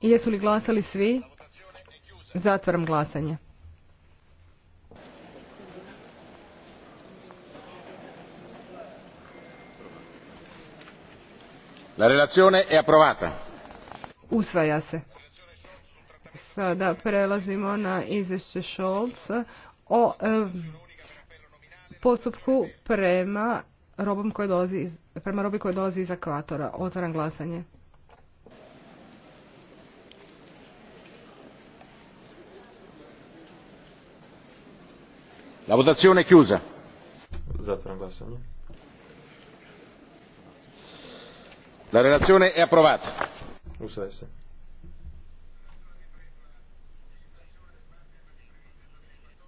Jesu li glasali svi? Zatvaram glasanje. La relazione è approvata. Usvaja se. Sada prelazimo na izvješće Scholz o postupku prema robom prema robi koje dolazi iz akvatora. Otvaram glasanje. La votazione è chiusa. Zatvaram glasovanje. La relazione è approvata. se.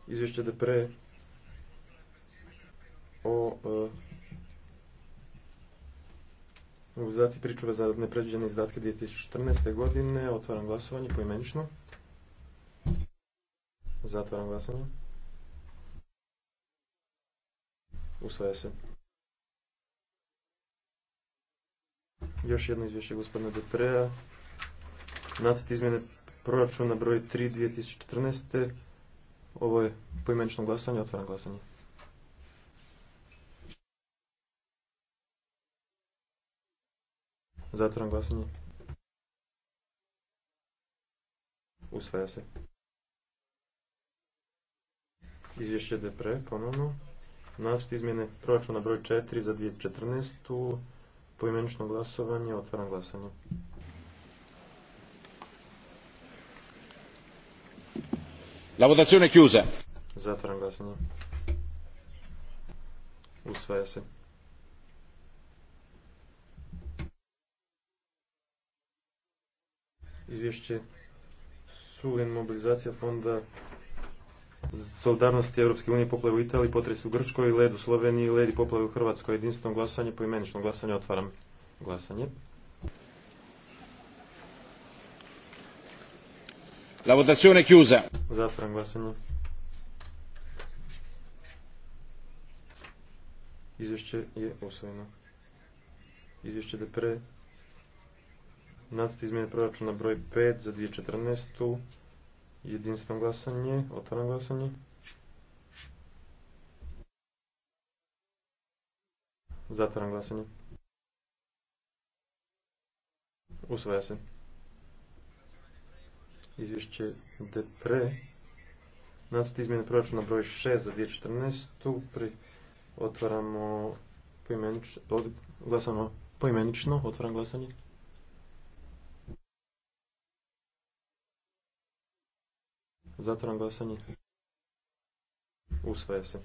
Izvješće da pre o organizaciji e, pričuva za nepredviđene izdatke 2014. godine. Otvaram glasovanje poimenično. Zatvaram glasovanje. Usvaja se. Još jedno izvješće gospodina Deprea. Nacrt izmjene proračuna broj 3 2014. Ovo je poimenično glasanje, otvaram glasanje. Zatvaram glasanje. Usvaja se. Izvješće Depre, ponovno. Nacrt izmjene proračuna broj 4 za 2014. Poimenično glasovanje, otvaram glasanje. La votazione chiusa. Zatvaram glasanje. Usvaja se. Izvješće Suven mobilizacija fonda solidarnosti Europske unije poplave u Italiji, potres u Grčkoj, led u Sloveniji, led i poplave u Hrvatskoj, jedinstveno glasanje, poimenično glasanje, otvaram glasanje. La votazione è chiusa. Zatvaram glasanje. Izvješće je usvojeno. Izvješće pre. Nacrt izmjene proračuna broj 5 za 2014. Jedinstveno glasanje, otvoreno glasanje. zatvoreno glasanje. Usvaja se. Izvješće pre Nacet izmjene proračuna broj 6 za 2014. Pri... Otvaramo poimenično, glasamo poimenično, otvaram glasanje. Zatvaram glasanje. Usvaja se.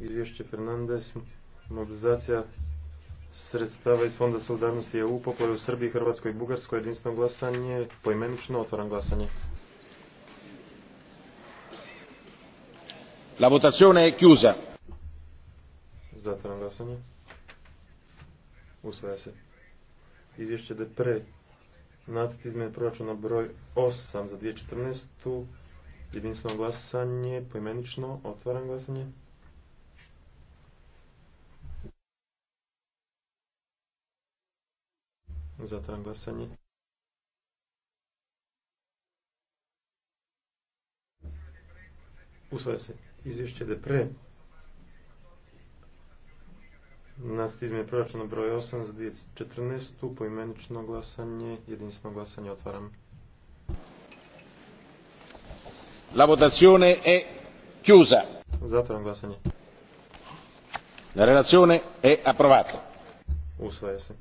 Izvješće Fernandez, mobilizacija sredstava iz Fonda solidarnosti EU, poplave u Srbiji, Hrvatskoj i Bugarskoj, jedinstveno glasanje, poimenično otvaram glasanje. La votazione è chiusa. Zatvaram glasanje. Usvaja se. Izvješće Depre, nacrt izmjene proračuna broj 8 za 2014. Jedinstveno glasanje, poimenično, otvaram glasanje. Zatvaram glasanje. Usvaja se izvješće DEPRE Nast izmjene proračuna broj 8 za 2014. Poimenično glasanje, jedinstveno glasanje otvaram. La votazione è chiusa. Zatvaram glasanje. La relazione è approvata. Usvaja se.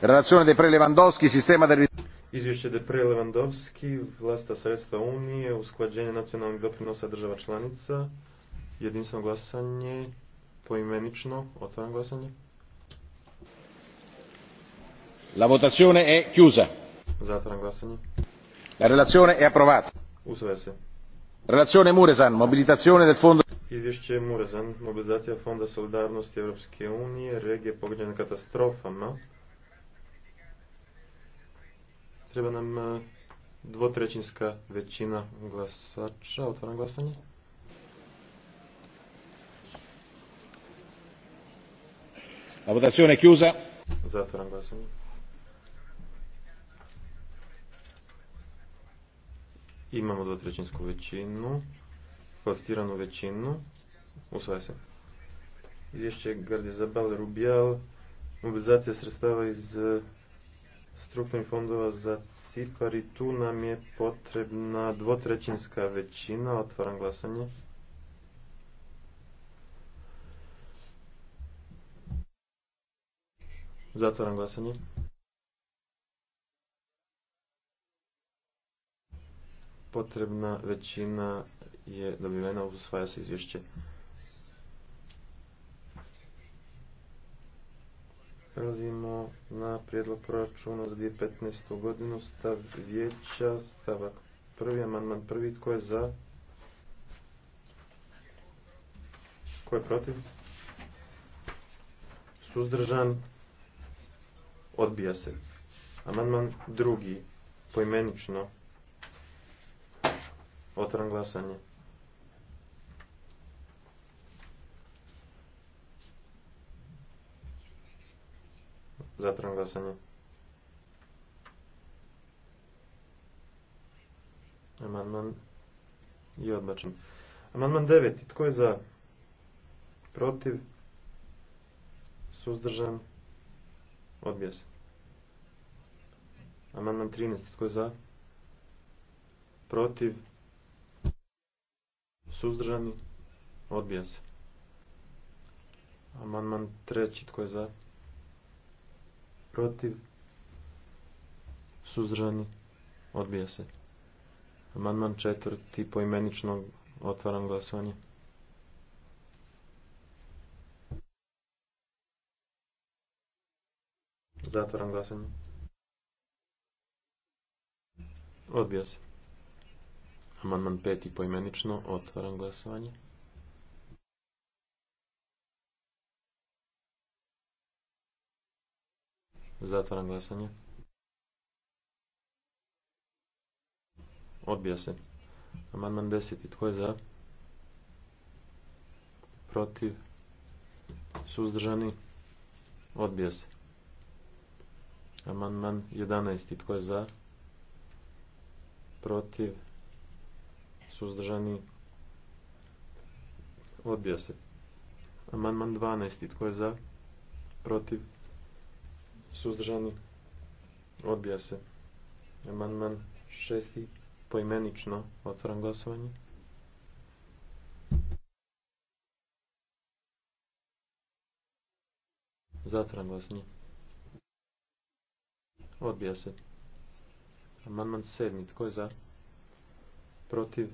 Relazione dei pre sistema del... Izvješće de pre Lewandowski, vlasta sredstva Unije, usklađenje nacionalnih doprinosa država članica, jedinstveno glasanje, poimenično. Otvaram glasanje. La votazione è chiusa. Zatvaram glasanje. La relazione è approvata. Usvaja se. Relazione Muresan, mobilitazione del fondo... Izvješće Muresan, mobilizacija Fonda solidarnosti Europske unije, regije pogođene katastrofama. Treba nam eh, dvotrećinska većina glasača. Otvaram glasanje. La votazione è chiusa. Zatvaram glasanje. Imamo dvotrećinsku većinu, kvalificiranu većinu, usvaja se. Izvješće rubjal Rubijal, mobilizacija sredstava iz eh, strukturnih fondova za Cipar i tu nam je potrebna dvotrećinska većina. Otvaram glasanje. Zatvaram glasanje. Potrebna većina je dobivena, usvaja se izvješće. Prelazimo na prijedlog proračuna za 2015. godinu, stav vijeća, stavak prvi, amandman prvi, tko je za? Tko je protiv? Suzdržan? Odbija se. Amandman drugi. Poimenično. Otvaram glasanje. Zatvaram glasanje. Amandman je odbačen. Amandman devet, Tko je za? Protiv? Suzdržan? Odbija se. Amandman 13. Tko je za? Protiv? Suzdržani? Odbija se. Amandman 3. Tko je za? Protiv? Suzdržani? Odbija se. Amandman 4. Poimenično otvaram glasovanje. Zatvaram glasanje. Odbija se. Amandman peti poimenično. Otvaram glasovanje. Zatvaram glasanje. Odbija se. Amandman deseti. Tko je za? Protiv? Suzdržani? Odbija se. Amandman 11. Tko je za? Protiv? Suzdržani? Odbija se. Amandman 12. Tko je za? Protiv? Suzdržani? Odbija se. Amandman 6. Poimenično otvaram glasovanje. Zatvaram glasovanje. Odbija se. Amandman sedmi. Tko je za? Protiv?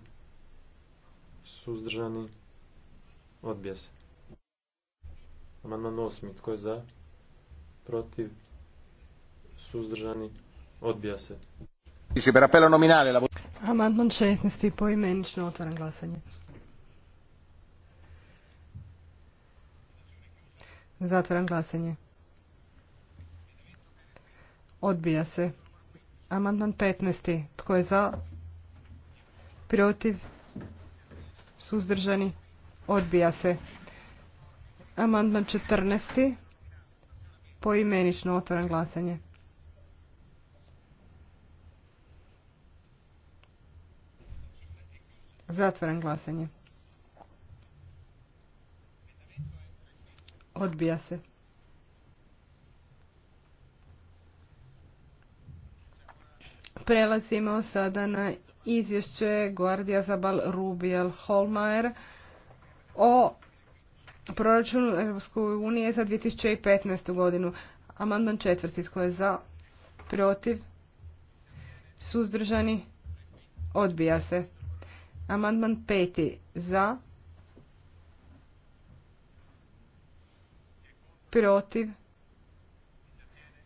Suzdržani? Odbija se. Amandman osmi. Tko je za? Protiv? Suzdržani? Odbija se. Amandman 16. poimenično otvaram glasanje. Zatvaram glasanje. Odbija se. Amandman 15. Tko je za? Protiv? Suzdržani? Odbija se. Amandman 14. Poimenično otvoren glasanje. Zatvoren glasanje. Odbija se. Prelazimo sada na izvješće Guardia Zabal Rubiel Holmajer o proračunu za unije za 2015. godinu. Amandman četvrti, tko je za, protiv, suzdržani, odbija se. Amandman peti, za, protiv,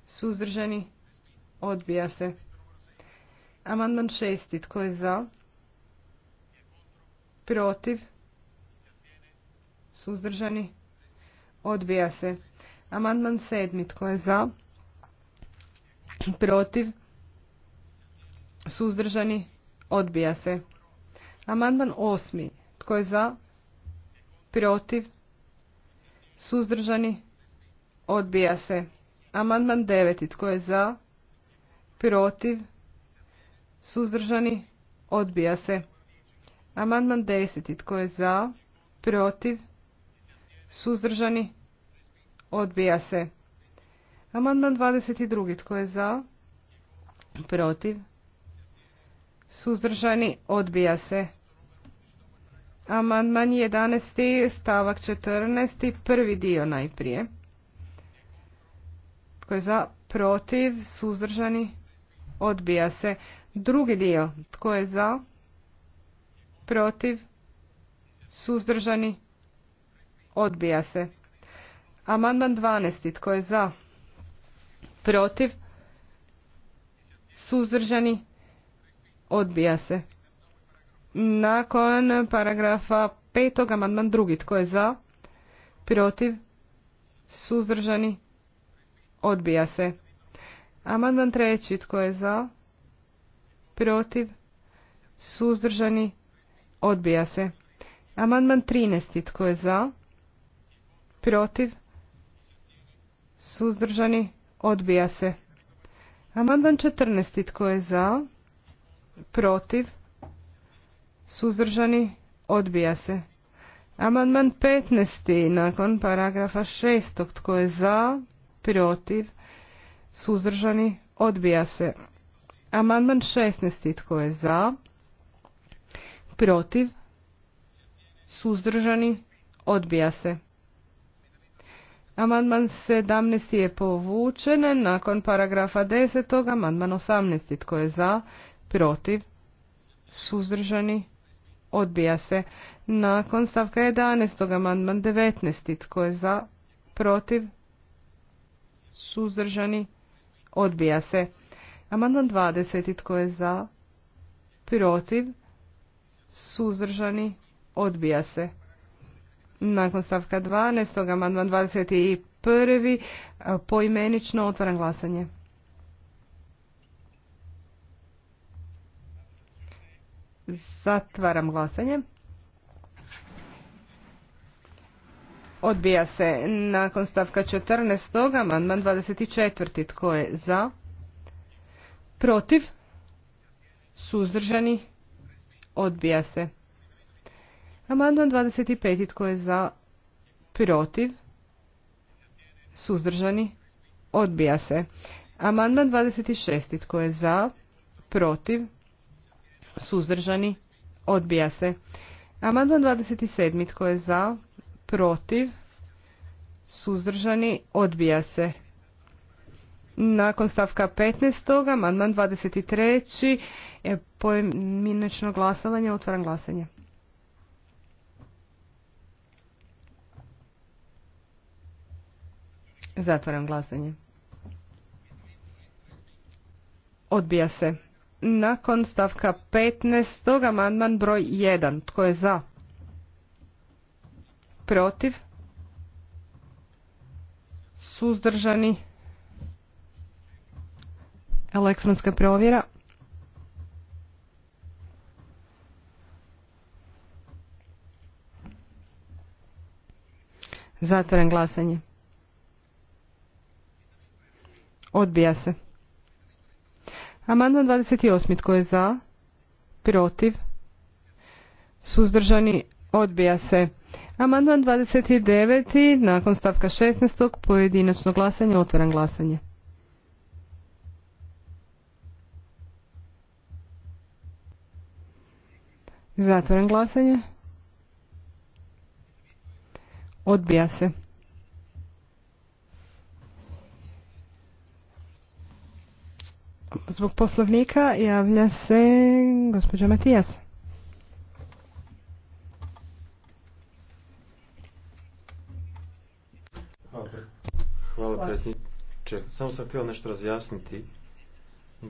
suzdržani, odbija se. Amandman šesti. Tko je za? Protiv? Suzdržani? Odbija se. Amandman sedmi. Tko je za? Protiv? Suzdržani? Odbija se. Amandman osmi. Tko je za? Protiv? Suzdržani? Odbija se. Amandman deveti. Tko je za? Protiv? suzdržani, odbija se. Amandman 10. Tko je za, protiv, suzdržani, odbija se. Amandman 22. Tko je za, protiv, suzdržani, odbija se. Amandman 11. stavak 14. prvi dio najprije. Tko je za, protiv, suzdržani, odbija se. Drugi dio. Tko je za? Protiv? Suzdržani? Odbija se. Amandman 12. Tko je za? Protiv? Suzdržani? Odbija se. Nakon paragrafa 5. amandman 2. Tko je za? Protiv? Suzdržani? Odbija se. Amandman 3. Tko je za? protiv, suzdržani, odbija se. Amandman 13. Tko je za? Protiv? Suzdržani? Odbija se. Amandman 14. Tko je za? Protiv? Suzdržani? Odbija se. Amandman 15. Nakon paragrafa 6. Tko je za? Protiv? Suzdržani? Odbija se. Amandman 16. Tko je za? Protiv? Suzdržani? Odbija se. Amandman 17. je povučen. Nakon paragrafa 10. Amandman 18. Tko je za? Protiv? Suzdržani? Odbija se. Nakon stavka 11. Amandman 19. Tko je za? Protiv? Suzdržani? Odbija se. Amandman 20. Tko je za? Protiv? Suzdržani? Odbija se. Nakon stavka 12. Amandman 21. Poimenično otvaram glasanje. Zatvaram glasanje. Odbija se nakon stavka 14. Amandman 24. Tko je za? protiv, suzdržani, odbija se. Amandman 25. Tko je za? Protiv. Suzdržani. Odbija se. Amandman 26. Tko je za? Protiv. Suzdržani. Odbija se. Amandman 27. Tko je za? Protiv. Suzdržani. Odbija se. Nakon stavka 15. amandman 23. tri e, glasovanje, otvaram glasanje. Zatvaram glasanje. Odbija se. Nakon stavka 15. amandman broj 1. Tko je za? Protiv? Suzdržani? elektronska provjera. Zatvoren glasanje. Odbija se. Amandman 28. Tko je za? Protiv? Suzdržani? Odbija se. Amandman 29. Nakon stavka 16. Pojedinačno glasanje. Otvoren glasanje. Zatvoren glasanje. Odbija se. Zbog poslovnika javlja se gospođa Matijas. Hvala predsjedniče. Samo sam htio nešto razjasniti.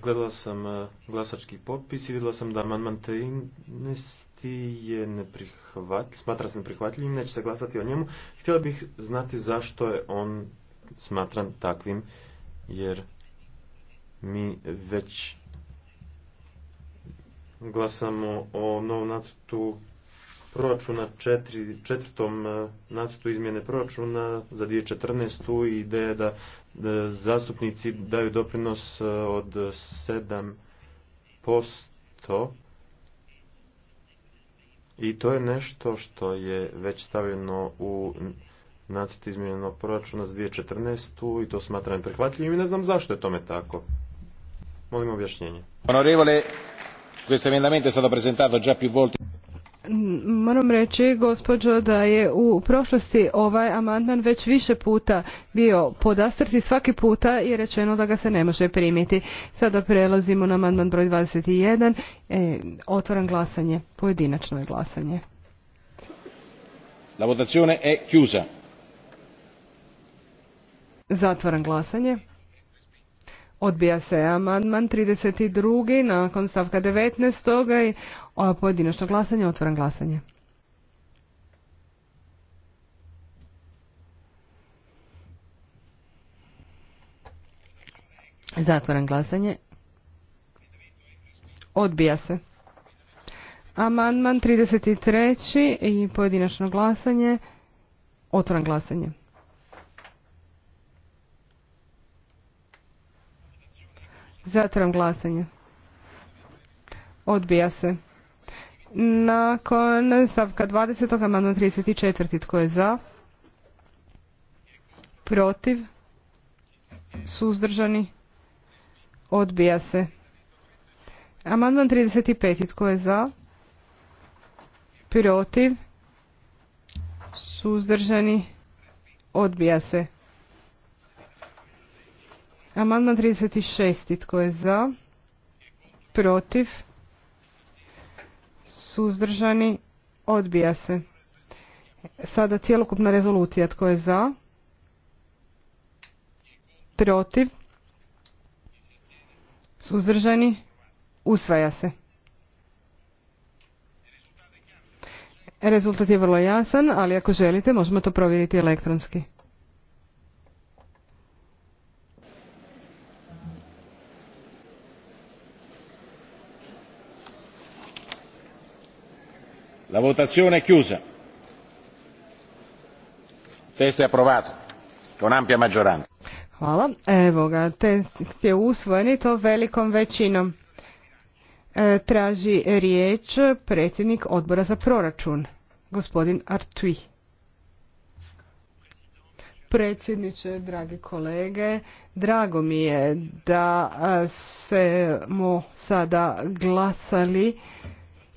Gledala sam e, glasački popis i vidjela sam da amandman 13 je neprihvatljiv, smatra se neprihvatljivim, neće se glasati o njemu. Htjela bih znati zašto je on smatran takvim, jer mi već glasamo o novom nacrtu proračuna četiri, četvrtom e, nacrtu izmjene proračuna za 2014. i ideja da zastupnici daju doprinos e, od 7% i to je nešto što je već stavljeno u nacrt izmjenjenog proračuna za 2014. i to smatram prihvatljivim i ne znam zašto je tome tako. Molim objašnjenje. Onorevole, questo emendamento è stato presentato già più volte. Moram reći, gospođo, da je u prošlosti ovaj amandman već više puta bio i Svaki puta je rečeno da ga se ne može primiti. Sada prelazimo na amandman broj 21. E, otvaram glasanje. Pojedinačno je glasanje. La votazione chiusa. Zatvaram glasanje. Odbija se amandman 32. nakon stavka 19. i pojedinačno glasanje, otvoran glasanje. Zatvoran glasanje. Odbija se. Amandman 33. i pojedinačno glasanje. Otvoran glasanje. Zatvaram glasanje. Odbija se. Nakon stavka 20. amandman 34. Tko je za? Protiv? Suzdržani? Odbija se. Amandman 35. Tko je za? Protiv? Suzdržani? Odbija se. Amandman 36. Tko je za? Protiv? Suzdržani? Odbija se. Sada cjelokupna rezolucija. Tko je za? Protiv? Suzdržani? Usvaja se. Rezultat je vrlo jasan, ali ako želite možemo to provjeriti elektronski. la votazione è chiusa. il testo è approvato con ampia maggioranza. Hvala. Evo ga, test je usvojen i to velikom većinom. E, traži riječ predsjednik odbora za proračun, gospodin Artui. Predsjedniče, dragi kolege, drago mi je da e, smo sada glasali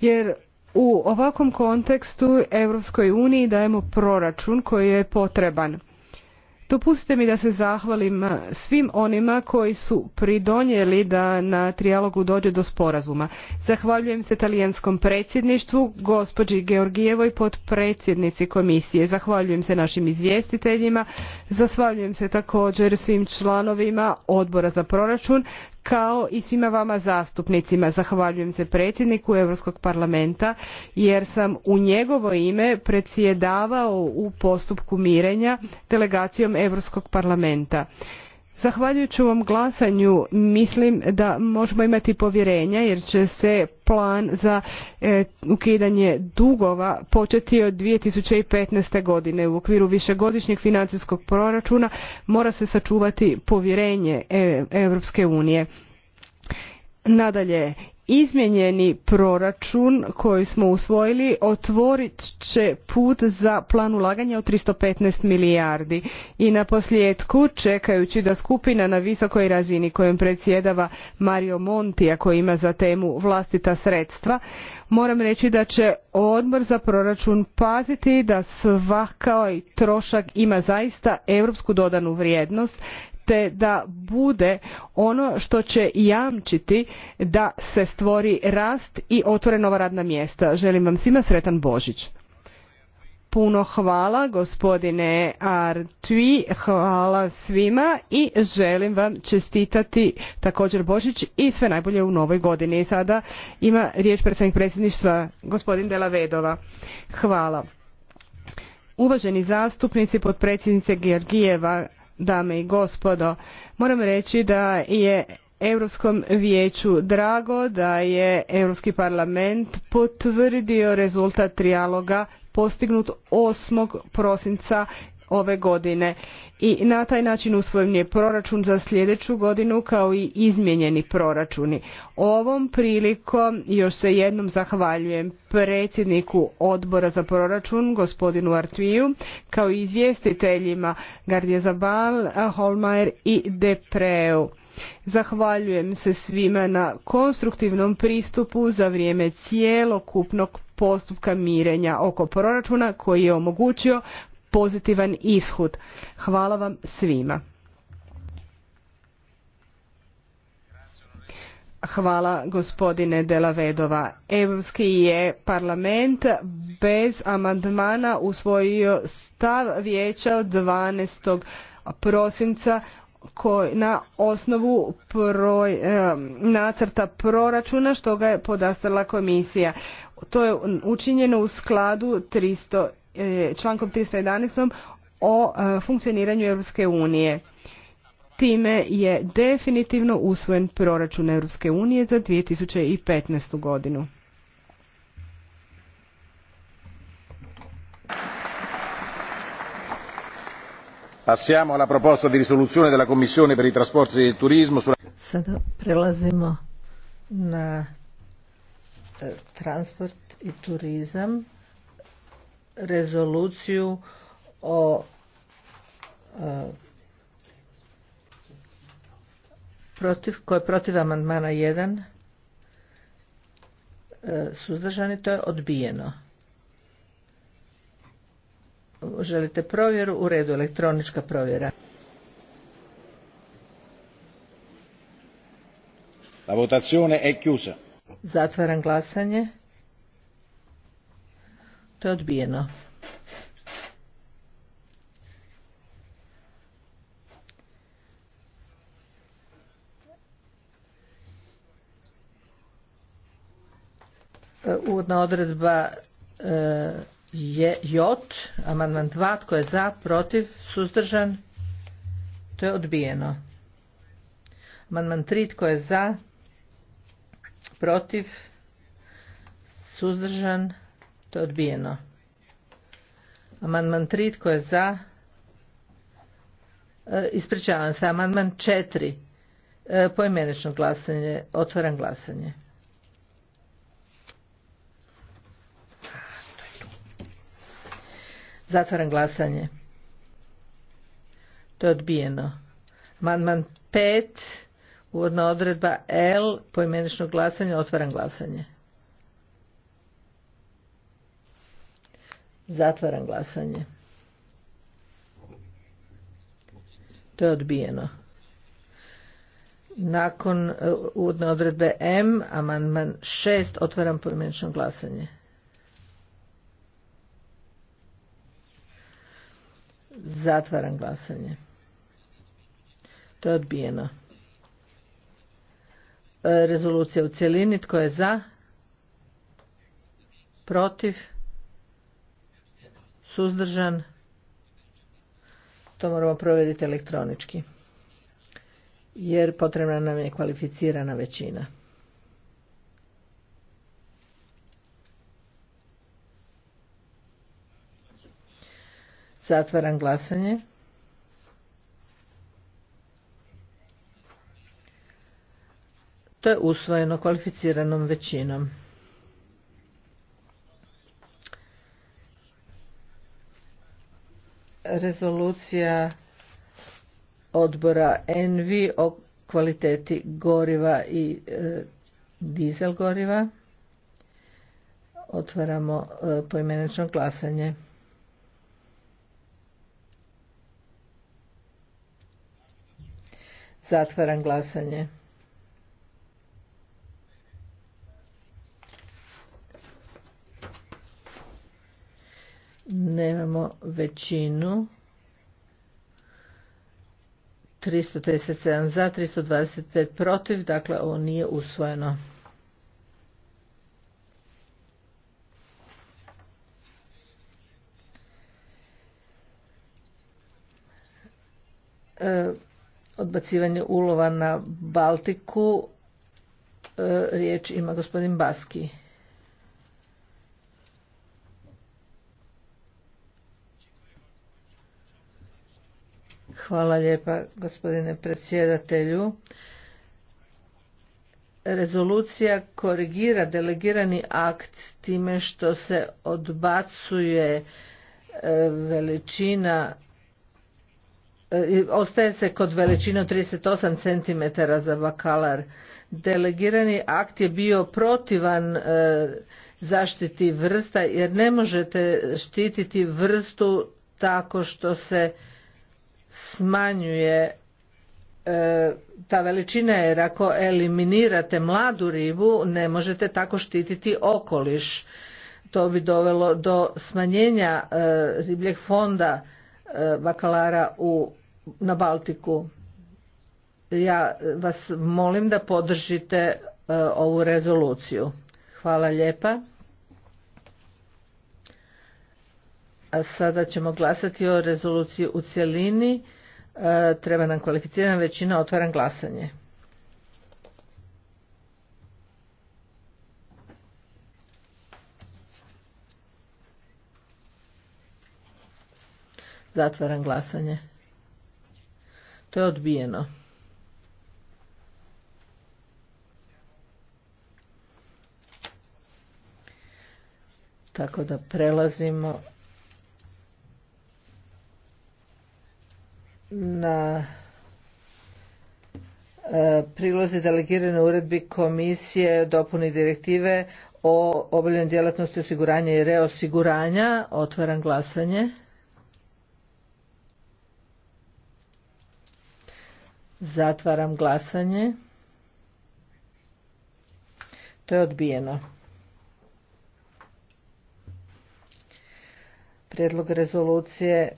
jer u ovakvom kontekstu Europskoj uniji dajemo proračun koji je potreban. Dopustite mi da se zahvalim svim onima koji su pridonijeli da na trijalogu dođe do sporazuma. Zahvaljujem se talijanskom predsjedništvu, gospođi Georgijevoj podpredsjednici komisije. Zahvaljujem se našim izvjestiteljima, zahvaljujem se također svim članovima odbora za proračun kao i svima vama zastupnicima. Zahvaljujem se predsjedniku Europskog parlamenta jer sam u njegovo ime predsjedavao u postupku mirenja delegacijom Europskog parlamenta. Zahvaljujući ovom glasanju mislim da možemo imati povjerenja jer će se plan za e, ukidanje dugova početi od 2015. godine. U okviru višegodišnjeg financijskog proračuna mora se sačuvati povjerenje e, Europske unije. Nadalje, izmijenjeni proračun koji smo usvojili otvorit će put za plan ulaganja od 315 milijardi i na čekajući da skupina na visokoj razini kojom predsjedava Mario Monti a koji ima za temu vlastita sredstva moram reći da će odbor za proračun paziti da svaki trošak ima zaista europsku dodanu vrijednost te da bude ono što će jamčiti da se stvori rast i otvore nova radna mjesta. Želim vam svima sretan Božić. Puno hvala gospodine Artui, hvala svima i želim vam čestitati također Božić i sve najbolje u novoj godini. Sada ima riječ predstavnik predsjedništva gospodin Dela Vedova. Hvala. Uvaženi zastupnici, potpredsjednice Georgijeva, dame i gospodo. Moram reći da je Europskom vijeću drago da je Europski parlament potvrdio rezultat trijaloga postignut 8. prosinca ove godine i na taj način usvojen je proračun za sljedeću godinu kao i izmijenjeni proračuni. Ovom prilikom još se jednom zahvaljujem predsjedniku odbora za proračun gospodinu Artviju kao i izvjestiteljima Gardje Zabal, Holmajer i Depreu. Zahvaljujem se svima na konstruktivnom pristupu za vrijeme cijelokupnog postupka mirenja oko proračuna koji je omogućio pozitivan ishod. Hvala vam svima. Hvala gospodine Delavedova. Europski je parlament bez amandmana usvojio stav vijeća od 12. prosinca na osnovu nacrta proračuna što ga je podastala komisija. To je učinjeno u skladu 300 E, člankom 311. o e, funkcioniranju Europske unije. Time je definitivno usvojen proračun Europske unije za 2015. godinu. Passiamo alla proposta di risoluzione della Commissione per i trasporti e il turismo sulla... Sada prelazimo na e, transport i turizam rezoluciju o e, protiv, protiv amandmana 1 e, suzdržani, to je odbijeno. Želite provjeru? U redu, elektronička provjera. La votazione è chiusa. Zatvaram glasanje. To je odbijeno. E, uvodna odredba e, je JOT amandman 2, tko je za, protiv, suzdržan, to je odbijeno. Amandman 3, tko je za, protiv, suzdržan, to je odbijeno. Amandman 3. Tko je za? E, ispričavam se. Amandman 4. E, glasanje. Otvaram glasanje. Zatvaram glasanje. To je odbijeno. Amandman 5. Uvodna odredba L. pojmenično glasanje. Otvaram glasanje. Zatvaram glasanje. To je odbijeno. Nakon e, uvodne odredbe M, amandman 6, otvaram pojmenično glasanje. Zatvaram glasanje. To je odbijeno. E, rezolucija u cjelini. Tko je za? Protiv? suzdržan, to moramo provjeriti elektronički, jer potrebna nam je kvalificirana većina. Zatvaram glasanje. To je usvojeno kvalificiranom većinom. rezolucija odbora ENVI o kvaliteti goriva i e, dizel goriva. Otvaramo e, glasanje. Zatvaram glasanje. Nemamo većinu. 337 za, 325 protiv, dakle ovo nije usvojeno. E, odbacivanje ulova na Baltiku. E, riječ ima gospodin Baski. Hvala lijepa gospodine predsjedatelju. Rezolucija korigira delegirani akt time što se odbacuje e, veličina e, ostaje se kod veličine 38 cm za bakalar. Delegirani akt je bio protivan e, zaštiti vrsta jer ne možete štititi vrstu tako što se smanjuje e, ta veličina jer ako eliminirate mladu ribu ne možete tako štititi okoliš. To bi dovelo do smanjenja e, ribljeg fonda e, bakalara na Baltiku. Ja vas molim da podržite ovu rezoluciju. Hvala lijepa. A sada ćemo glasati o rezoluciji u cjelini. E, treba nam kvalificirana većina, otvaram glasanje. Zatvaram glasanje. To je odbijeno. Tako da prelazimo na e, prilozi delegirane uredbi komisije dopuni direktive o obavljanju djelatnosti osiguranja i reosiguranja. Otvaram glasanje. Zatvaram glasanje. To je odbijeno. Prijedlog rezolucije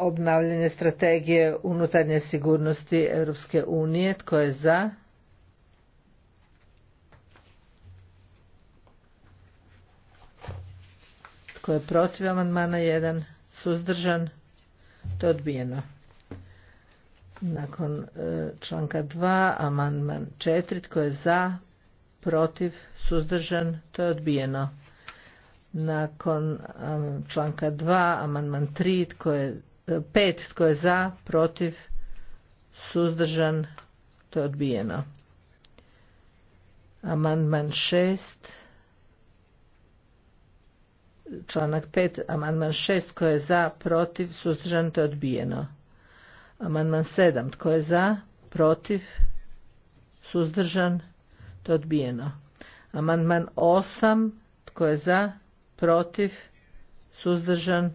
obnavljanje strategije unutarnje sigurnosti Europske unije. Tko je za? Tko je protiv amandmana 1? Suzdržan? To je odbijeno. Nakon e, članka 2, amandman 4. Tko je za? Protiv? Suzdržan? To je odbijeno. Nakon e, članka 2, amandman 3. Tko je Pet tko je za, protiv, suzdržan, to je odbijeno. Amandman šest članak 5, amandman 6 tko je za, protiv, suzdržan, to je odbijeno. Amandman 7 tko je za, protiv, suzdržan, to je odbijeno. Amandman osam, tko je za, protiv, suzdržan,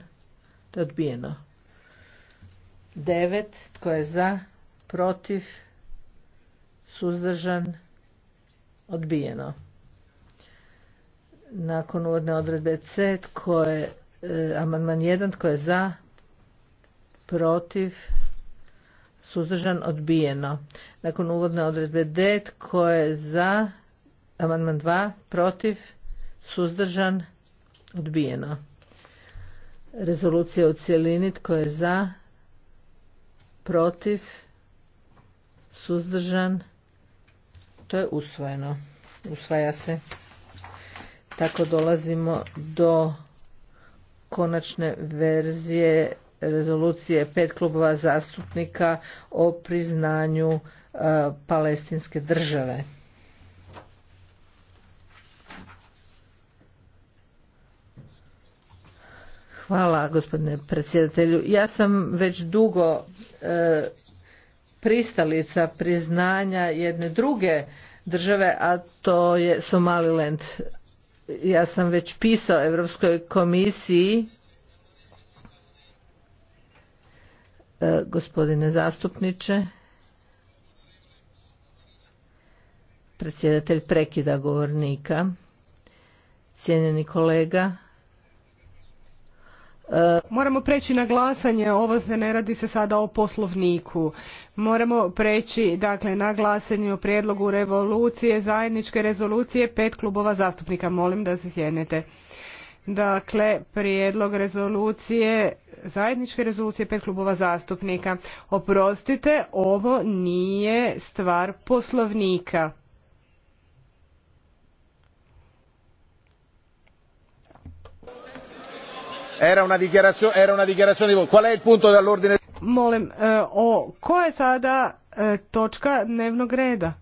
to je odbijeno. 9. Tko je za? Protiv? Suzdržan? Odbijeno. Nakon uvodne odredbe C. Tko je e, amandman 1. Tko je za? Protiv? Suzdržan? Odbijeno. Nakon uvodne odredbe D. Tko je za? Amandman 2. Protiv? Suzdržan? Odbijeno. Rezolucija u cjelini. Tko je za? protiv, suzdržan, to je usvojeno, usvaja se. Tako dolazimo do konačne verzije rezolucije pet klubova zastupnika o priznanju palestinske države. Hvala gospodine predsjedatelju. Ja sam već dugo e, pristalica priznanja jedne druge države, a to je Somaliland. Ja sam već pisao Europskoj komisiji e, gospodine zastupniče. Predsjedatelj prekida govornika. Cijenjeni kolega Moramo preći na glasanje, ovo se ne radi se sada o poslovniku. Moramo preći dakle, na glasanje o prijedlogu revolucije, zajedničke rezolucije pet klubova zastupnika. Molim da se sjednete. Dakle, prijedlog rezolucije, zajedničke rezolucije pet klubova zastupnika. Oprostite, ovo nije stvar poslovnika. Era una dichiarazione, era una dichiarazione di voto. Qual è il punto dell'ordine? Molim, eh, o, koja je sada eh, točka dnevnog reda?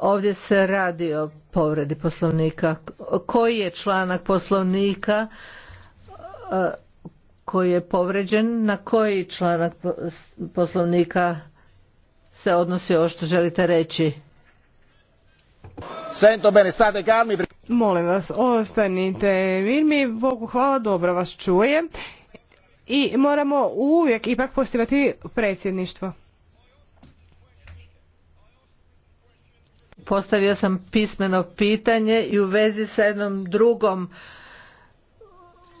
Ovdje se radi o povredi poslovnika. Koji je članak poslovnika eh, koji je povređen? Na koji članak poslovnika se odnosi ovo što želite reći. Molim vas, ostanite Mi Bogu hvala, dobro vas čuje. I moramo uvijek ipak postivati predsjedništvo. Postavio sam pismeno pitanje i u vezi sa jednom drugom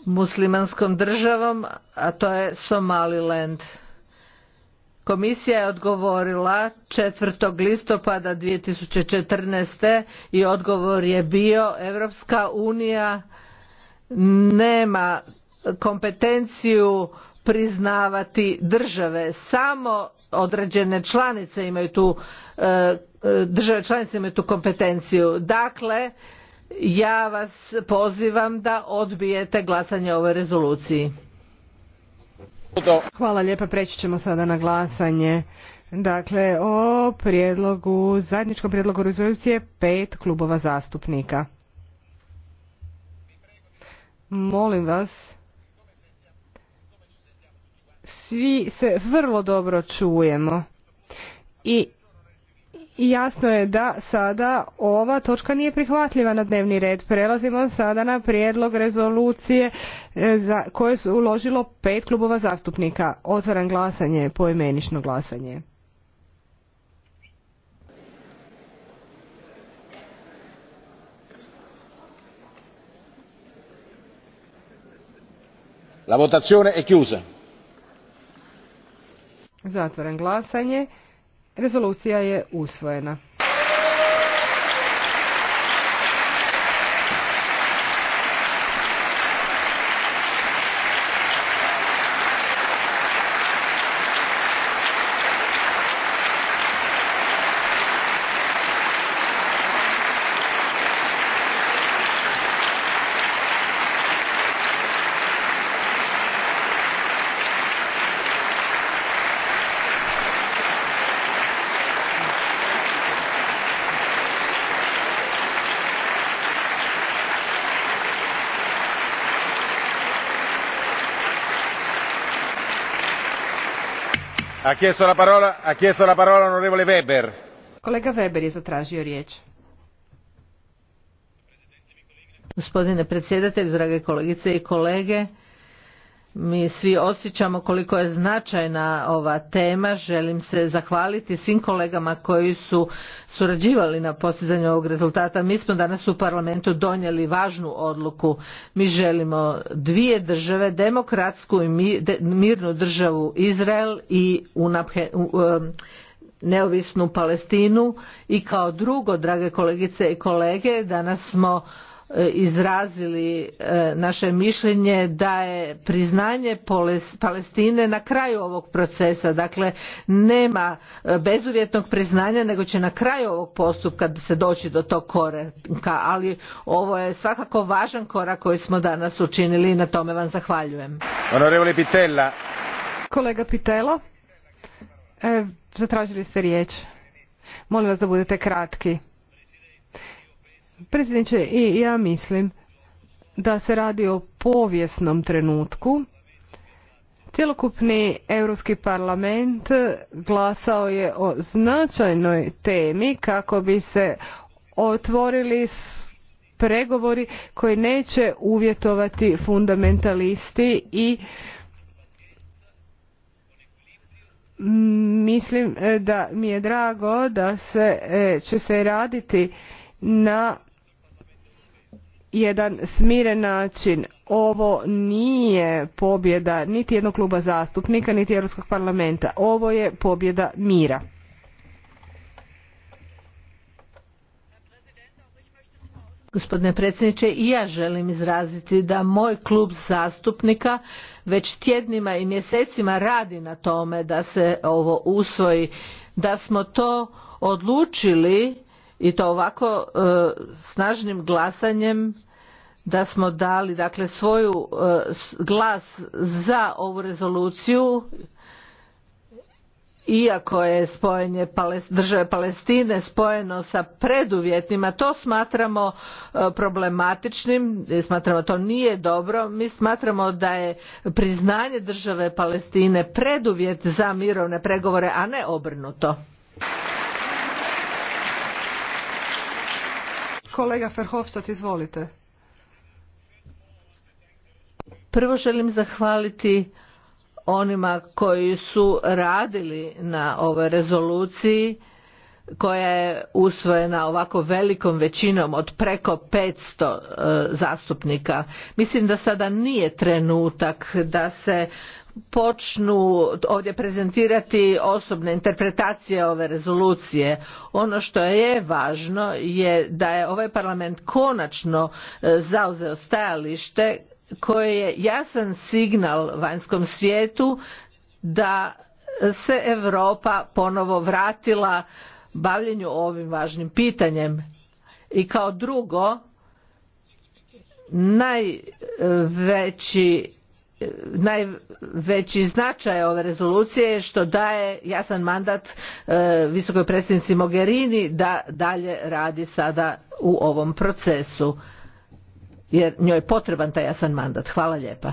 muslimanskom državom, a to je Somaliland. Komisija je odgovorila 4. listopada 2014. i odgovor je bio Europska unija nema kompetenciju priznavati države. Samo određene članice imaju tu e, države članice imaju tu kompetenciju. Dakle, ja vas pozivam da odbijete glasanje o ovoj rezoluciji. Hvala lijepa, preći ćemo sada na glasanje. Dakle, o prijedlogu, zajedničkom prijedlogu rezolucije pet klubova zastupnika. Molim vas, svi se vrlo dobro čujemo i i jasno je da sada ova točka nije prihvatljiva na dnevni red. Prelazimo sada na prijedlog rezolucije e, za koje su uložilo pet klubova zastupnika. Otvaram glasanje, poimenično glasanje. La votazione è chiusa. glasanje. Rezolucija je usvojena. Kolega Weber je zatražio riječ. Gospodine predsjedatelju, drage kolegice i kolege, mi svi osjećamo koliko je značajna ova tema. Želim se zahvaliti svim kolegama koji su surađivali na postizanju ovog rezultata. Mi smo danas u parlamentu donijeli važnu odluku. Mi želimo dvije države, demokratsku i mirnu državu Izrael i neovisnu Palestinu. I kao drugo, drage kolegice i kolege, danas smo izrazili e, naše mišljenje da je priznanje Palestine na kraju ovog procesa, dakle nema e, bezuvjetnog priznanja nego će na kraju ovog postupka se doći do tog koraka, ali ovo je svakako važan korak koji smo danas učinili i na tome vam zahvaljujem. Pitella. Kolega e, zatražili ste riječ. Molim vas da budete kratki. Predsjedniče, i ja mislim da se radi o povijesnom trenutku. Cjelokupni Europski parlament glasao je o značajnoj temi kako bi se otvorili pregovori koji neće uvjetovati fundamentalisti i mislim e, da mi je drago da se, e, će se raditi na jedan smiren način. Ovo nije pobjeda niti jednog kluba zastupnika, niti Europskog parlamenta. Ovo je pobjeda mira. Gospodine predsjedniče, i ja želim izraziti da moj klub zastupnika već tjednima i mjesecima radi na tome da se ovo usvoji, da smo to odlučili i to ovako e, snažnim glasanjem da smo dali dakle svoju e, glas za ovu rezoluciju iako je spojenje države Palestine spojeno sa preduvjetnima, to smatramo e, problematičnim, smatramo to nije dobro, mi smatramo da je priznanje države Palestine preduvjet za mirovne pregovore, a ne obrnuto. Kolega Ferhofstadt, izvolite. Prvo želim zahvaliti onima koji su radili na ovoj rezoluciji koja je usvojena ovako velikom većinom od preko 500 e, zastupnika. Mislim da sada nije trenutak da se počnu ovdje prezentirati osobne interpretacije ove rezolucije. Ono što je važno je da je ovaj parlament konačno e, zauzeo stajalište koje je jasan signal vanjskom svijetu da se Europa ponovo vratila bavljenju ovim važnim pitanjem. I kao drugo, najveći najveći značaj ove rezolucije je što daje jasan mandat e, visokoj predsjednici Mogherini da dalje radi sada u ovom procesu jer njoj je potreban taj jasan mandat. Hvala lijepa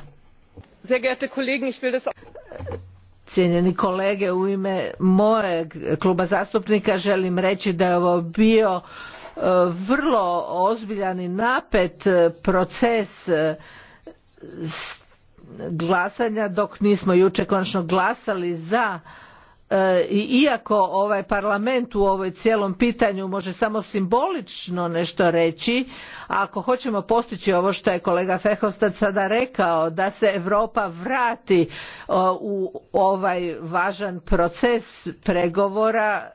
cijenjeni kolege u ime mojeg kluba zastupnika želim reći da je ovo bio e, vrlo ozbiljan i napet e, proces e, glasanja dok nismo jučer konačno glasali za E, iako ovaj parlament u ovom cijelom pitanju može samo simbolično nešto reći ako hoćemo postići ovo što je kolega Fehostad sada rekao da se Europa vrati u ovaj važan proces pregovora e,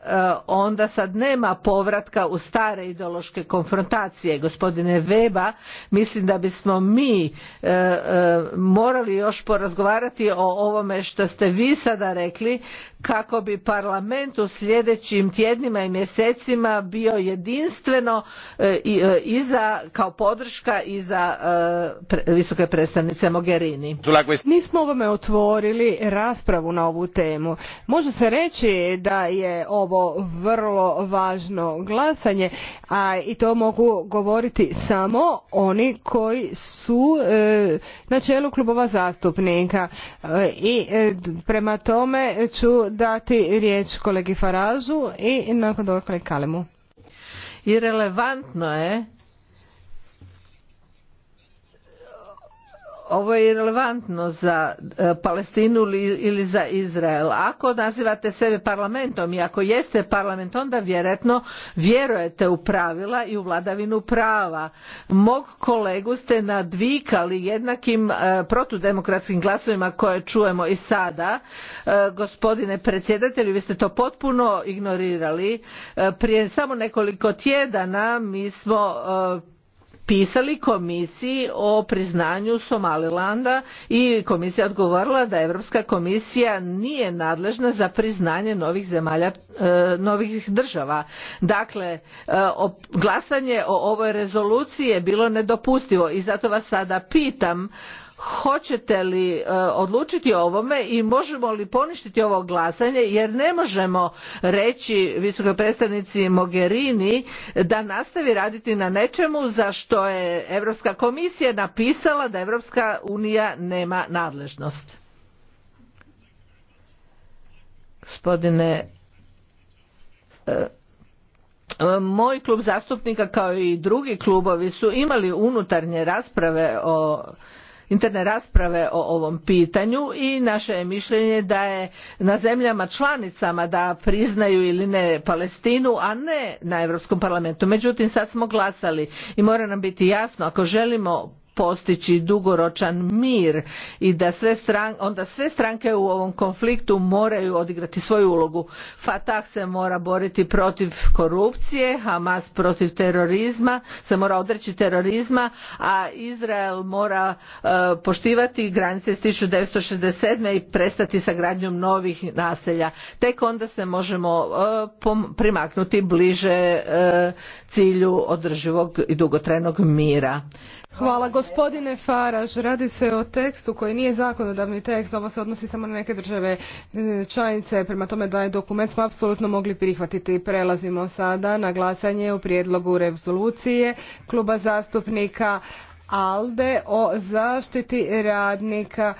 onda sad nema povratka u stare ideološke konfrontacije gospodine Weba mislim da bismo mi e, morali još porazgovarati o ovome što ste vi sada rekli kako kako bi parlament u sljedećim tjednima i mjesecima bio jedinstveno e, i e, kao podrška i za e, visoke predstavnice Mogherini. Nismo smo ovome otvorili raspravu na ovu temu. Može se reći da je ovo vrlo važno glasanje, a i to mogu govoriti samo oni koji su na čelu klubova zastupnika. I prema tome ću da dati riječ kolegi Farazu i nakon toga kolegi Kalemu. irelevantno je Ovo je relevantno za e, Palestinu ili za Izrael. Ako nazivate sebe parlamentom i ako jeste parlament, onda vjerojatno vjerujete u pravila i u vladavinu prava. Mog kolegu ste nadvikali jednakim e, protudemokratskim glasovima koje čujemo i sada. E, gospodine predsjedatelju, vi ste to potpuno ignorirali. Prije samo nekoliko tjedana mi smo pisali komisiji o priznanju Somalilanda i komisija odgovorila da Europska komisija nije nadležna za priznanje novih zemalja, e, novih država. Dakle, e, glasanje o ovoj rezoluciji je bilo nedopustivo i zato vas sada pitam hoćete li e, odlučiti o ovome i možemo li poništiti ovo glasanje jer ne možemo reći visokoj predstavnici Mogherini da nastavi raditi na nečemu za što je Europska komisija napisala da Europska unija nema nadležnost. Gospodine e, e, moj klub zastupnika kao i drugi klubovi su imali unutarnje rasprave o interne rasprave o ovom pitanju i naše je mišljenje da je na zemljama članicama da priznaju ili ne Palestinu, a ne na Europskom parlamentu. Međutim, sad smo glasali i mora nam biti jasno ako želimo postići dugoročan mir i da sve onda sve stranke u ovom konfliktu moraju odigrati svoju ulogu. Fatah se mora boriti protiv korupcije, Hamas protiv terorizma, se mora odreći terorizma, a Izrael mora e, poštivati granice iz 1967. i prestati sa gradnjom novih naselja. Tek onda se možemo e, primaknuti bliže e, cilju održivog i dugotrenog mira. Hvala gospodine Faraž. Radi se o tekstu koji nije zakonodavni tekst, ovo se odnosi samo na neke države e, članice, prema tome da je dokument smo apsolutno mogli prihvatiti. Prelazimo sada na glasanje o prijedlogu rezolucije kluba zastupnika ALDE o zaštiti radnika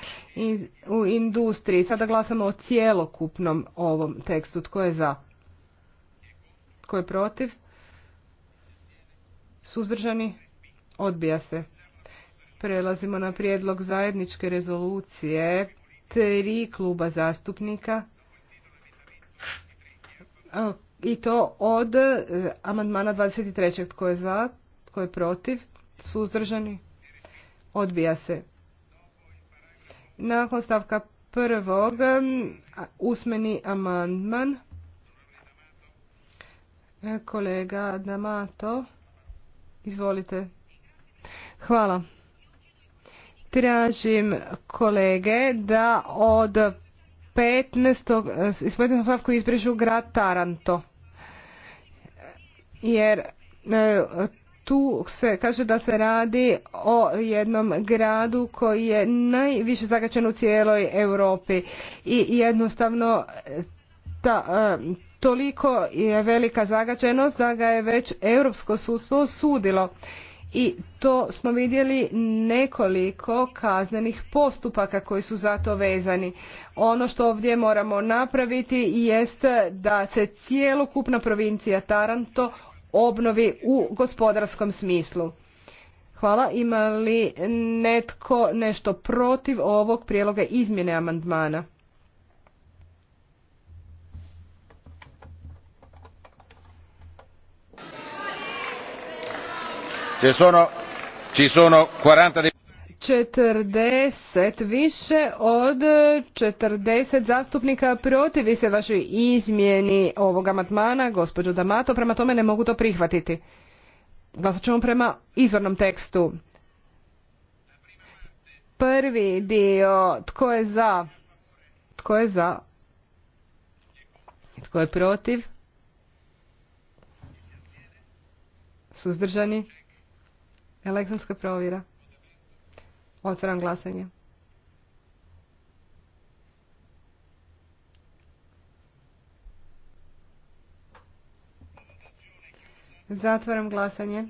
u industriji. Sada glasamo o cjelokupnom ovom tekstu. Tko je za? Tko je protiv? Suzdržani? Odbija se. Prelazimo na prijedlog zajedničke rezolucije tri kluba zastupnika i to od e, amandmana 23. Tko je za, tko je protiv, suzdržani, odbija se. Nakon stavka prvog e, usmeni amandman e, kolega Damato, izvolite. Hvala. Tražim kolege da od 15. iz petnaest stavku grad Taranto. Jer e, tu se kaže da se radi o jednom gradu koji je najviše zagačen u cijeloj Europi i jednostavno ta, e, toliko je velika zagađenost da ga je već europsko sudstvo sudilo i to smo vidjeli nekoliko kaznenih postupaka koji su za to vezani. Ono što ovdje moramo napraviti jest da se cjelokupna provincija Taranto obnovi u gospodarskom smislu. Hvala. Ima li netko nešto protiv ovog prijeloga izmjene amandmana? Četrdeset, više od četrdeset zastupnika protivi se vašoj izmjeni ovog amandmana gospođo Damato prema tome ne mogu to prihvatiti glasat ćemo prema izvornom tekstu prvi dio tko je za tko je za tko je protiv suzdržani Elektronska provjera. Otvaram glasanje. Zatvaram glasanje.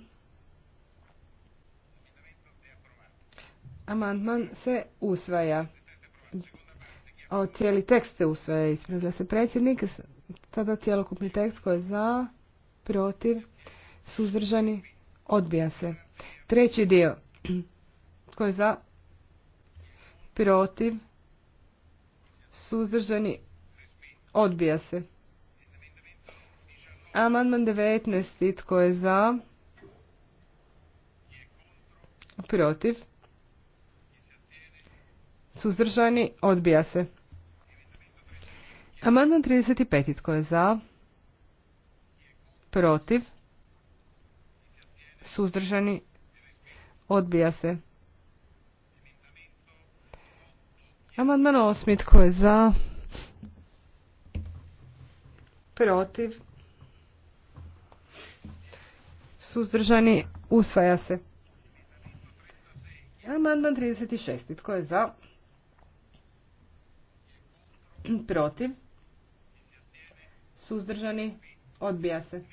Amandman se usvaja. cijeli tekst se usvaja, ispravlja se predsjednik. Tada cijelokupni tekst koji je za, protiv, suzdržani, odbija se. Treći dio. Tko je za? Protiv? Suzdržani? Odbija se. Amandman 19. Tko je za? Protiv? Suzdržani? Odbija se. Amandman 35. Tko je za? Protiv? Suzdržani? Odbija se. Amandman osmi. Tko je za? Protiv. Suzdržani. Usvaja se. Amandman 36. Tko je za? Protiv. Suzdržani. Odbija se.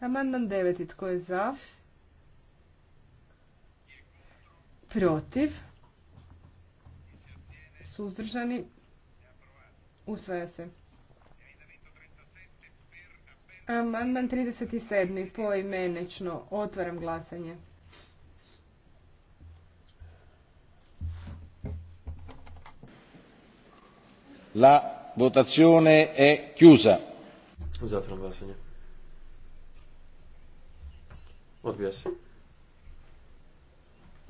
Amandman 9. Tko je za? protiv, suzdržani, usvaja se. Amandman 37. poimenično. Otvaram glasanje. La votazione è chiusa. Zatvaram glasanje. Odbija se.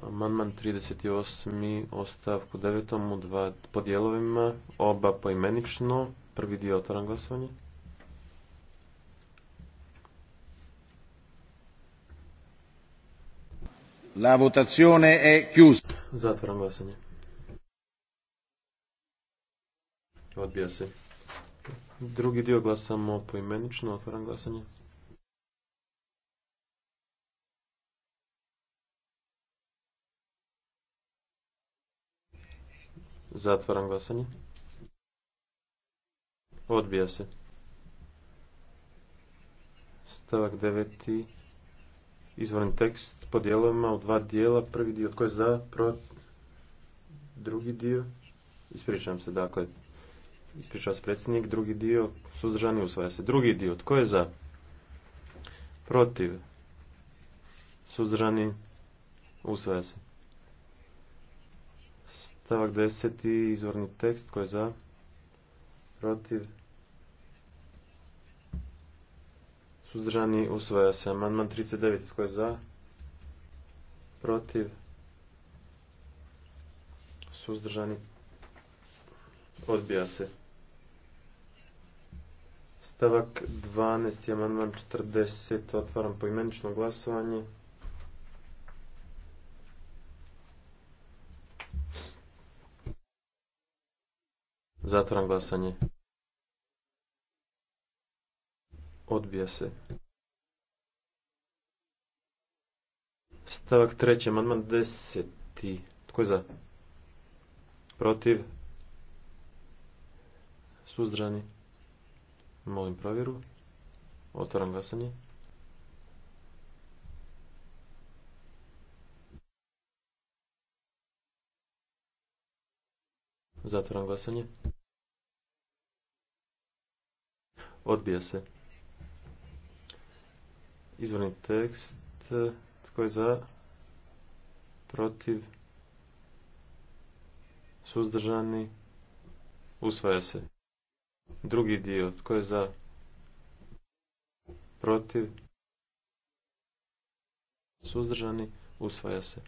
Amandman 38. ostavku 9. u dva podijelovima, oba poimenično. Prvi dio otvaram glasovanje. La votazione è chiusa. Zatvaram glasanje. Odbija se. Drugi dio glasamo poimenično, otvaram glasanje. Zatvaram glasanje. Odbija se. Stavak 9. Izvorni tekst po dijelovima u dva dijela. Prvi dio tko je za, drugi dio. Ispričavam se, dakle, ispričava se predsjednik. Drugi dio, suzdržani usvaja se. Drugi dio, tko je za, protiv, suzdržani usvaja se. Stavak 10. izvorni tekst koji je za, protiv, suzdržani usvaja se. Amandman 39. Tko je za? Protiv? Suzdržani? Odbija se. Stavak 12. Amandman 40. Otvaram poimenično glasovanje. Zatvaram glasanje. Odbija se. Stavak treći, amandman deseti. Tko je za? Protiv? Suzdrani? Molim provjeru. Otvaram glasanje. Zatvaram glasanje. Odbija se. Izvorni tekst. Tko je za? Protiv? Suzdržani? Usvaja se. Drugi dio. Tko je za? Protiv? Suzdržani? Usvaja se.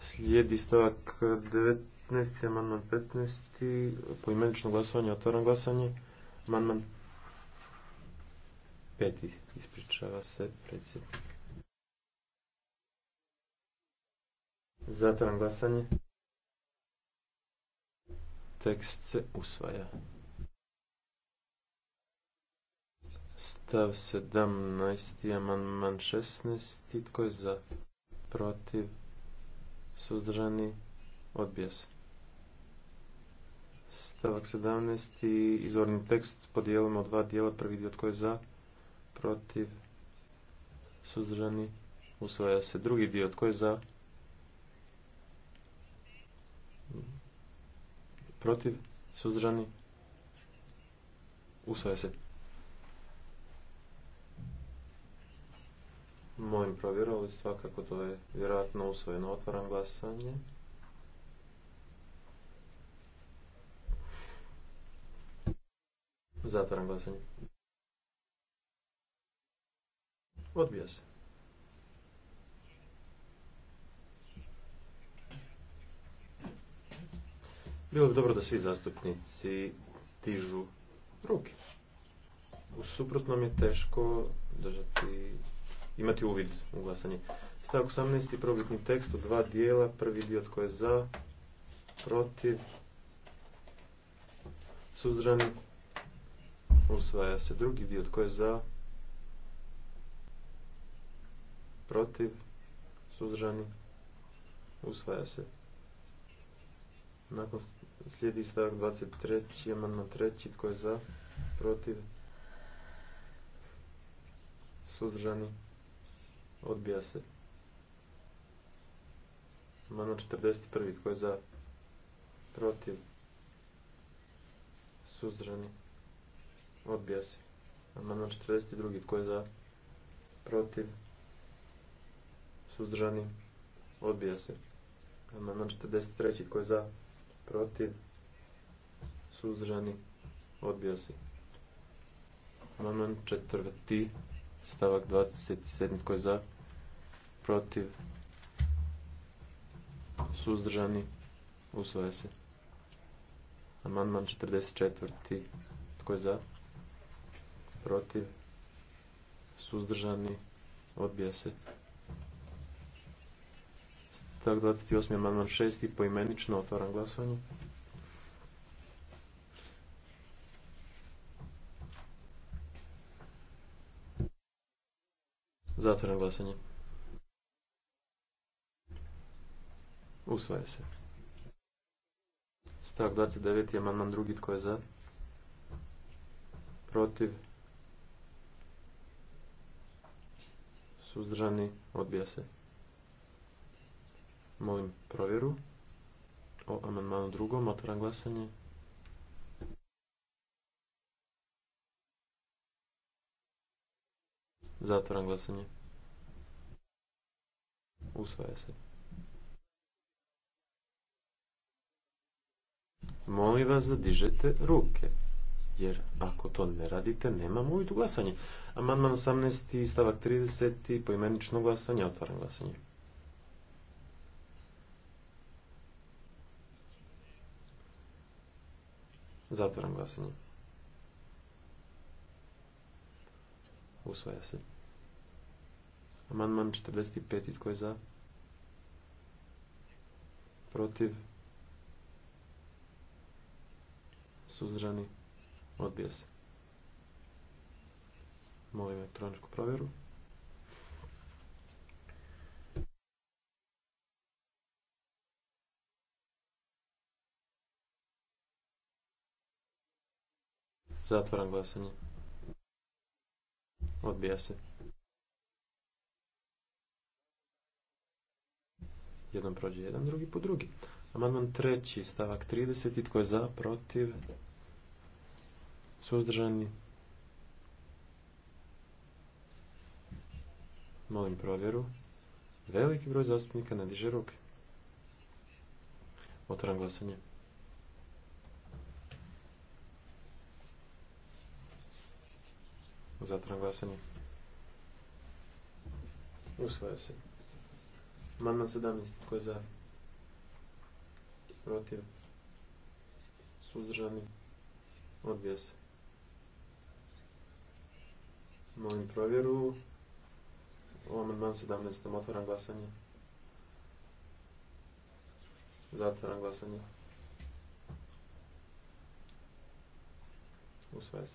Slijedi stavak 9. 15. amandman 15. poimenično glasovanje, otvaram glasanje. Amandman 5. ispričava se predsjednik. Zatvaram glasanje. Tekst se usvaja. Stav 17. amandman 16. Tko je za? Protiv? Suzdržani? Odbija se. Stavak 17. Izvorni tekst podijelimo dva dijela. Prvi dio tko je za, protiv, suzdržani, usvaja se. Drugi dio tko je za, protiv, suzdržani, usvaja se. Molim provjeru, svakako to je vjerojatno usvojeno. Otvaram glasanje. Zatvaram glasanje. Odbija se. Bilo bi dobro da svi zastupnici tižu ruke. U suprotnom je teško držati, imati uvid u glasanje. Stavak 18. probitni tekst u dva dijela. Prvi dio tko je za, protiv, suzdržani, Usvaja se drugi dio. Tko je za? Protiv? Suzdržani? Usvaja se. Nakon slijedi stavak 23. amandman treći Tko je za? Protiv? Suzdržani? Odbija se. Amandman 41. Tko je za? Protiv? Suzdržani? Odbija se. Amandman 42. Tko je za? Protiv? Suzdržani? Odbija se. Amandman 43. Tko je za? Protiv? Suzdržani? Odbija se. Amandman 4. Stavak 27. Tko je za? Protiv? Suzdržani? Usvaja se. Amandman 44. Tko je za? protiv, suzdržani, odbija se. Tak 28. amandman 6. poimenično otvaram glasovanje. Zatvaram glasanje. Usvaja se. Stavak 29. amandman drugi tko je za? Protiv? suzdržani, odbija se. Molim provjeru o amandmanu drugom, otvoram glasanje. Zatvaram glasanje. Usvaja se. Molim vas da dižete ruke jer ako to ne radite, nemamo u glasanje. Amandman 18. stavak 30. poimenično glasanje, otvaram glasanje. Zatvaram glasanje. Usvaja se. Amandman 45. Tko je za? Protiv? Suzrani? Odbija se. Molim elektroničku provjeru. Zatvaram glasanje. Odbija se. Jednom prođe jedan, drugi po drugi. Amandman treći, stavak 30. Tko je za, protiv, Suzdržani? Molim provjeru. Veliki broj zastupnika na diže ruke. Otvaram glasanje. Zatvaram glasanje. Usvaja se. Amandman 17. Tko je za? Protiv? Suzdržani? Odbija se. Molim provjeru. U amandmanu 17. otvaram glasanje. Zatvaram glasanje. Usvaja se.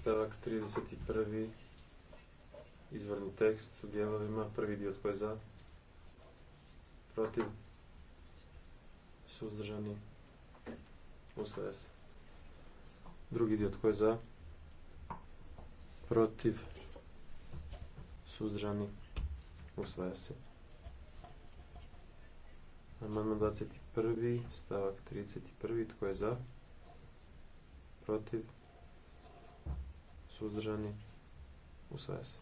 Stavak 31. Izvorni tekst u dijelovima. Prvi dio tko je za? Protiv? Suzdržani? Usvaja Drugi dio tko je za? Protiv. Suzdržani. Usvaja se. Amandman 21. stavak 31. Tko je za? Protiv. Suzdržani. Usvaja se.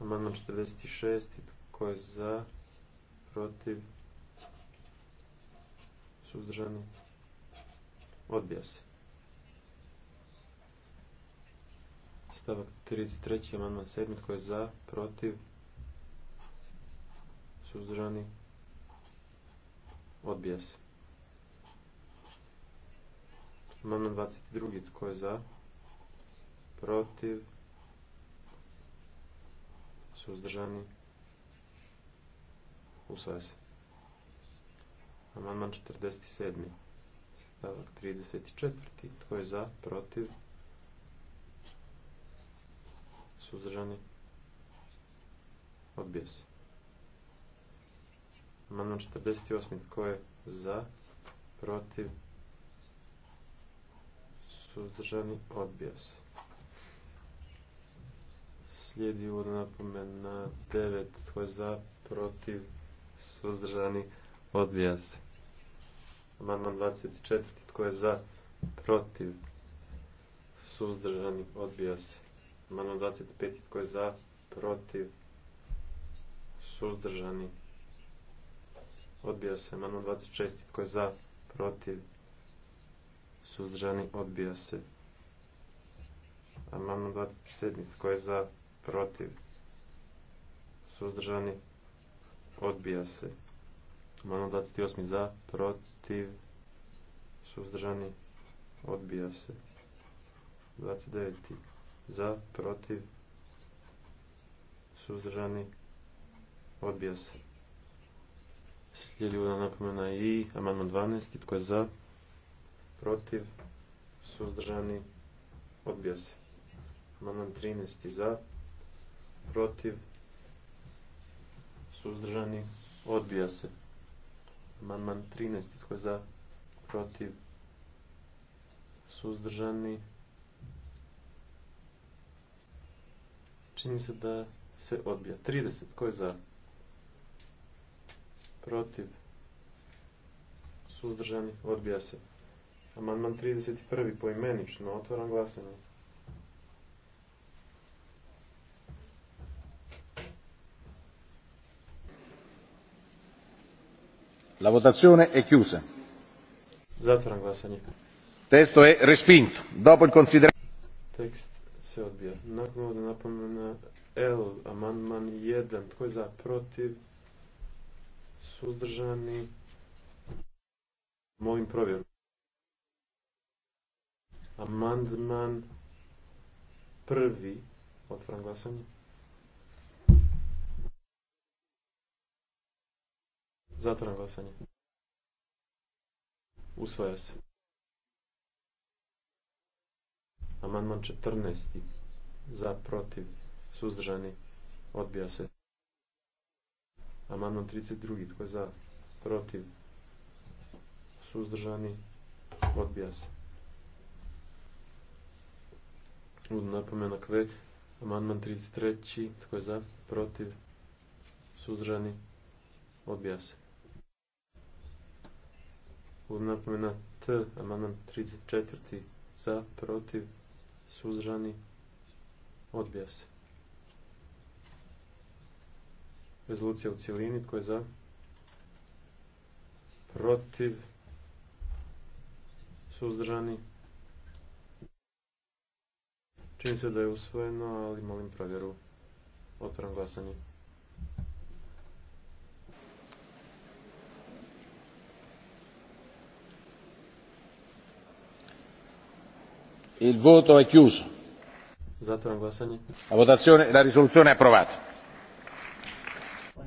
Amandman 46. Tko je za? Protiv suzdržani, odbija se. Stavak 33. amandman 7. Tko je za, protiv, suzdržani, odbija se. Amandman 22. Tko je za, protiv, suzdržani, usvaja se. Amandman 47. Stavak 34. Tko je za? Protiv? Suzdržani? Odbija se. Amandman 48. Tko je za? Protiv? Suzdržani? Odbija se. Slijedi napomen na 9. Tko je za? Protiv? Suzdržani? Odbija se. Amandman 24. Tko je za? Protiv? Suzdržani? Odbija se. Amandman 25. Tko je za? Protiv? Suzdržani? Odbija se. Amandman 26. Tko je za? Protiv? Suzdržani? Odbija se. Amandman 27. Tko je za? Protiv? Suzdržani? Odbija se. Amandman 28. Za? Protiv? protiv, suzdržani, odbija se. 29. za, protiv, suzdržani, odbija se. Slijedi uvodna napomena i amandman 12. tko je za, protiv, suzdržani, odbija se. Amandman 13. za, protiv, suzdržani, odbija se. Amandman 13. Tko je za? Protiv? Suzdržani? Čini se da se odbija. 30. Tko je za? Protiv? Suzdržani? Odbija se. Amandman 31. poimenično. Otvaram glasanje. la votazione è chiusa zatvaram glasanje testo je respinto dopo il considerato tekst se odbija nakon ovdje napomena L amandman 1 tko je za protiv suzdržani molim provjeru amandman prvi otvaram glasanje Zatvaram glasanje. Usvaja se. Amandman 14. Za, protiv, suzdržani, odbija se. Amandman 32. Tko je za, protiv, suzdržani, odbija se. U napomenak V, amandman 33. Tko je za, protiv, suzdržani, odbija se u napomenu T, amandman 34. za, protiv, suzdržani, odbija se. Rezolucija u cijelini, tko je za? Protiv, suzdržani. Čini se da je usvojeno, ali molim provjeru. Otvaram glasanje. il voto è chiuso zatvaram glasanje la votazione la risoluzione è approvata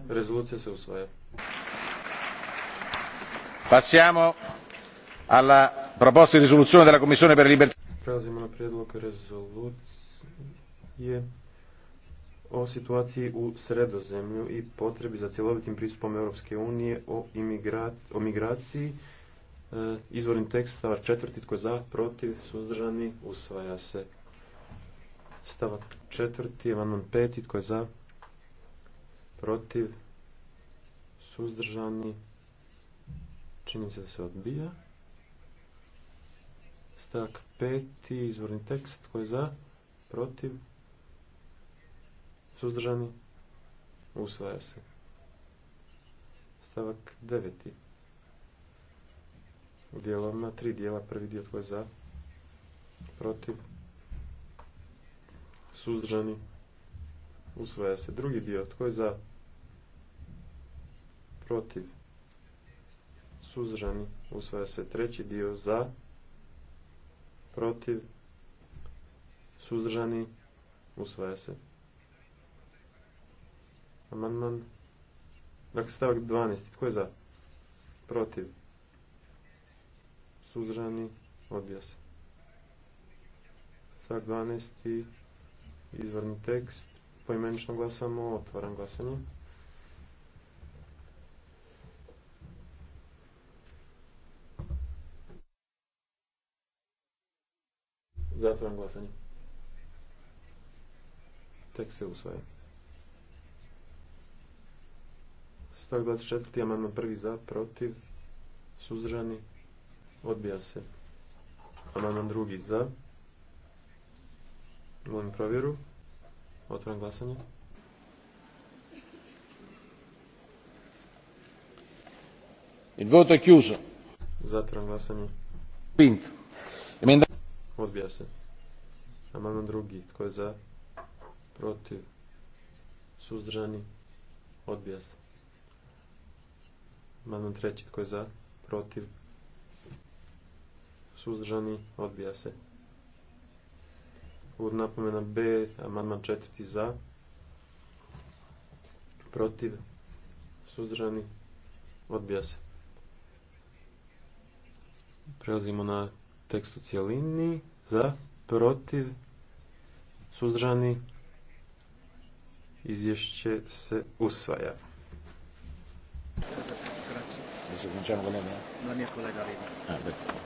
rezolucija se usvaja passiamo alla proposta di risoluzione della commissione per le libertà prelazimo na prijedlog rezolucije o situaciji u sredozemlju i potrebi za cjelovitim pristupom Europske unije o, o migraciji E, izvorni tekst, stavak četvrti, tko je za, protiv, suzdržani, usvaja se. Stavak četvrti, amandman peti, tko je za, protiv, suzdržani, čini se da se odbija. Stavak peti, izvorni tekst, tko je za, protiv, suzdržani, usvaja se. Stavak deveti, u dijelovima, tri dijela, prvi dio tko je za, protiv, suzdržani, usvaja se. Drugi dio tko je za, protiv, suzdržani, usvaja se. Treći dio za, protiv, suzdržani, usvaja se. Amandman. Dakle, stavak 12. Tko je za? Protiv suzdržani, odbija se. Stavak 12. izvorni tekst, poimenično glasamo, otvaram glasanje. Zatvaram glasanje. Tekst se usvaja. Stavak 24. amandman prvi za, protiv, suzdržani, Odbija se. Amandman drugi za. Molim provjeru. Otvaram glasanje. Il voto Zatvaram glasanje. Odbija se. Amandman drugi. Tko je za? Protiv. Suzdržani. Odbija se. Amandman treći. Tko je za? Protiv suzdržani, odbija se. Uvod napomena B, amandman četvrti za, protiv, suzdržani, odbija se. Prelazimo na tekst u cijelini, za, protiv, suzdržani, izvješće se usvaja. Grazie.